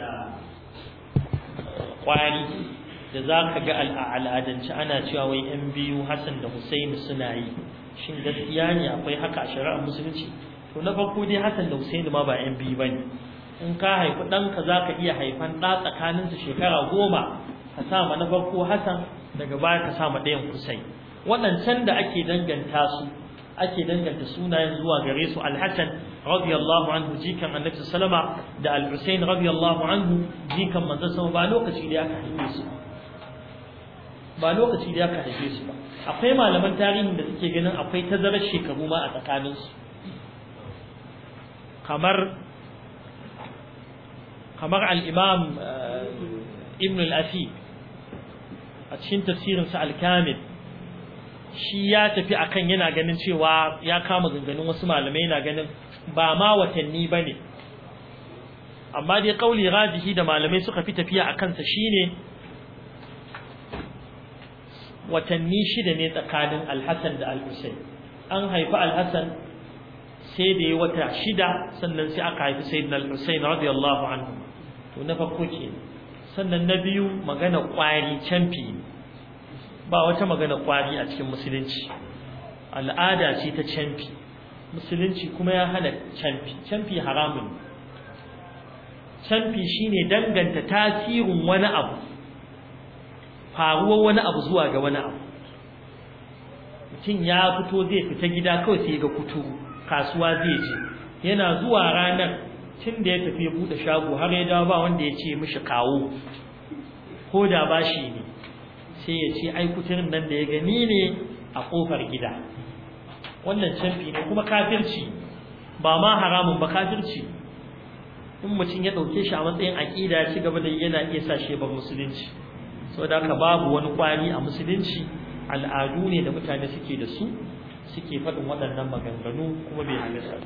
da kwari da za ka ga al'adance ana cewa wai yan biyu hassan da husaini suna yi shin gaskiya ne akwai haka a shari'ar musulunci to na farko dai hassan da husaini ma ba yan biyu ba ne in ka haifi ɗanka za ka iya haifan ɗa tsakaninsu shekara goma ka sama na farko hassan daga baya ka sama ɗayan kusai waɗancan da ake danganta su ake danganta sunayen zuwa gare su al-Hasan radiyallahu anhu jikan Annabi sallama da al-Husayn radiyallahu anhu jikan manzo sama ba lokaci da aka haife su ba lokaci da aka haife su ba akwai malaman tarihin da suke ganin akwai tazarar shekaru ma a tsakanin su kamar kamar al-Imam eh, Ibn al-Afi a cikin tafsirinsa al-Kamil shi ya tafi akan yana ganin cewa ya kama ganganin wasu malamai yana ganin ba ma watanni ba ne amma dai kauli rajihi da malamai suka fi tafiya a kansa watanni shida ne tsakanin alhassan da alhussein an haifi alhassan sai da ya wata shida sannan sai aka haifi sayyidina alhussein radiyallahu anhu to na farko ke sannan na biyu magana kwari canfi ba wata magana kwari a cikin musulunci al'ada ce ta canfi musulunci kuma ya hana canfi canfi haramun canfi shine danganta tasirin wani abu faruwar wani abu zuwa ga wani abu mutum ya fito zai fita gida kawai sai ga kutu, kasuwa zai je yana zuwa ranar tun da ya tafi ya buɗe shago har ya dawo ba wanda ya ce mashi kawo ko da bashi ne sai ya ce ai kuturin nan da ya gani ne a kofar gida wannan canfi ne kuma kafirci ba ma haramun ba kafirci in mutum ya ɗauke shi a matsayin aƙida ya ci gaba da yana iya sa shi ban musulunci da haka babu wani kwari a musulunci al'adu ne da mutane suke da su suke faɗin waɗannan maganganu kuma bai halasta